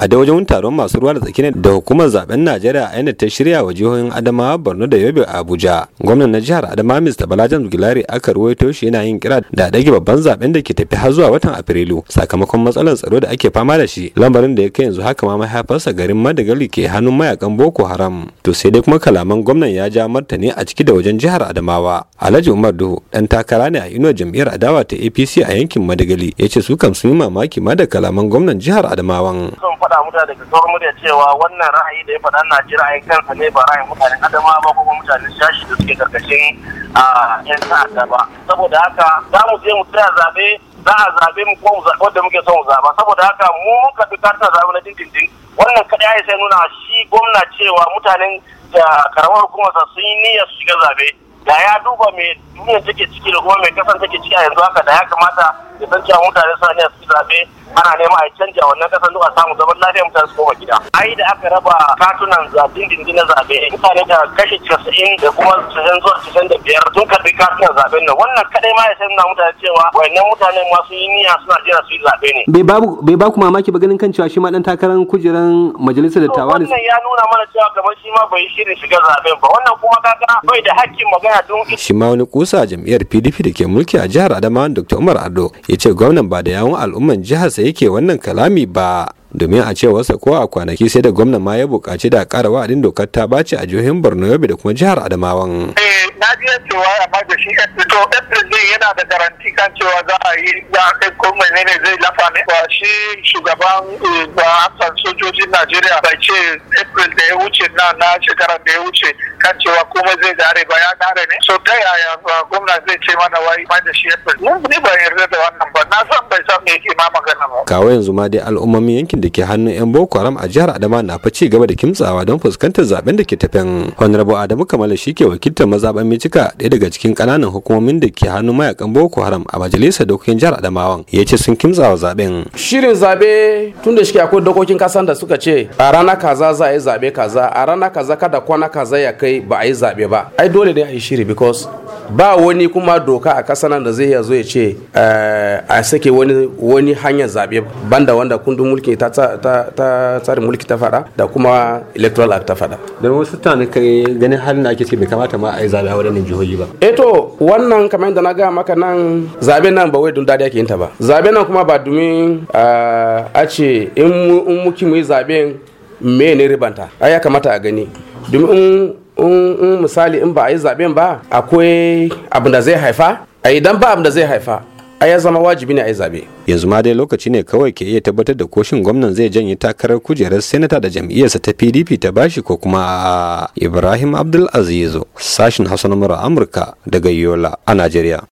a da wajen taron masu ruwa da tsaki da hukumar zaben najeriya a ta shirya wa jihohin adamawa borno da yobe a abuja gwamnan na jihar adamawa mr balajan gilari aka ruwaito shi yana yin kira da dage babban zaben da ke tafi har zuwa watan afrilu sakamakon matsalar tsaro da ake fama da shi lambarin da ya kai yanzu haka ma mahaifarsa garin madagali ke hannun mayakan boko haram to sai dai kuma kalaman gwamnan ya ja martani a ciki da wajen jihar adamawa alhaji umar duhu dan takara ne a inuwar jam'iyyar adawa ta apc a yankin madagali ya ce su kam sun yi mamaki ma da kalaman gwamnan jihar adamawan faɗa mutane daga sauran murya cewa wannan ra'ayi da ya faɗa na ji ra'ayin kansa ne ba ra'ayin mutane adama ba kuma mutane shashi da suke karkashin yan da ba saboda haka za mu je mu tsaya zaɓe za a zaɓe mu ko wanda muke son zaɓa saboda haka mu muka fi karta zaɓe na dindindin wannan kaɗai ya sai nuna shi gwamna cewa mutanen da karamar hukumarsa sun yi niyyar su shiga zaɓe da ya duba mai duniyar take ciki da kuma mai kasan take ciki a yanzu haka da ya kamata ya san cewa mutane suna ne zaɓe ana nema a canja wannan kasan zuwa samu zaman lafiya mutane su koma gida ai da aka raba katunan zaɓen dindindin zabe. zaɓe mutane da kashi casa'in da kuma casa'in zuwa casa'in da biyar sun karɓi katunan zaɓen nan wannan kadai ma ya na mutane cewa wannan mutane ma sun yi niyya suna jira su yi zaɓe ne. bai ba ku mamaki ba ganin kan cewa shi ma ɗan takarar kujeran majalisar dattawa ne. wannan ya nuna mana cewa kamar shi ma bai shirin shiga zaɓen ba wannan kuma kaga bai da hakkin magana don. shi ma wani kusa jam'iyyar pdp da ke mulki a jihar adamawa dr umar ado ya ce gwamnan ba da yawun al'umma al'umman jiharsa yake wannan kalami ba domin a cewarsa ko a kwanaki sai da gwamna ma ya buƙaci da ƙara wa'adin dokar ta bace a jihohin borno yobe da kuma jihar adamawan. na ji cewa amma da shi yan fito yan zai yana da garanti kan cewa za a yi ya ko ne zai lafa ne ba shi shugaban eh, ba hassan sojojin najeriya bai ce april da ya wuce na na shekarar da ya wuce kan cewa kuma zai gare ba ya gare ne so ta yaya gwamna zai ce mana wai ma da shi april ni ba yarda da wannan ba na san bai san me yake ma magana ba kawai yanzu ma dai al'ummomin yankin da ke hannun yan boko haram a jihar adama na fa ci gaba da kimtsawa don fuskantar zaben da ke tafen honorable adamu kamala shi ke wakiltar mazaɓen mijika ɗaya daga cikin ƙananan hukumomin da ke hannun mayakan boko haram a majalisar dokokin jihar adamawan ya ce sun kimtsa wa zaben shirin zaɓe tun da shike akwai dokokin kasan da suka ce a rana kaza za a yi zaɓe kaza a rana kaza kada kwana kaza ya kai ba a yi zaɓe ba ai dole ne a yi shiri because ba wani kuma doka a ƙasa nan da zai yazo ya ce eh, a sake wani wani hanyar zaɓe banda wanda kundin mulki ta tsarin mulki ta fada. da kuma electoral act ta fada. da wasu tana kai ganin halin da ake ciki bai kamata ma a yi zaɓe a waɗannan jihohi ba. eh to wannan kamar yadda na ga maka nan zaɓe nan ba wai don dadi ake yin ta ba zaɓe nan kuma ba domin eh, a ce in muki mu yi zaɓen me ne ribanta ai ya kamata a gani domin in misali in ba a yi zaben ba akwai abin da zai haifa a idan ba abin da zai haifa a ya zama wajibi ne a yi zabe yanzu ma dai lokaci ne kawai ke iya tabbatar da koshin gwamnan zai janye takarar kujerar senata da jam'iyyarsa ta pdp ta bashi ko kuma ibrahim abdulaziz sashin hausa na amurka daga yola a najeriya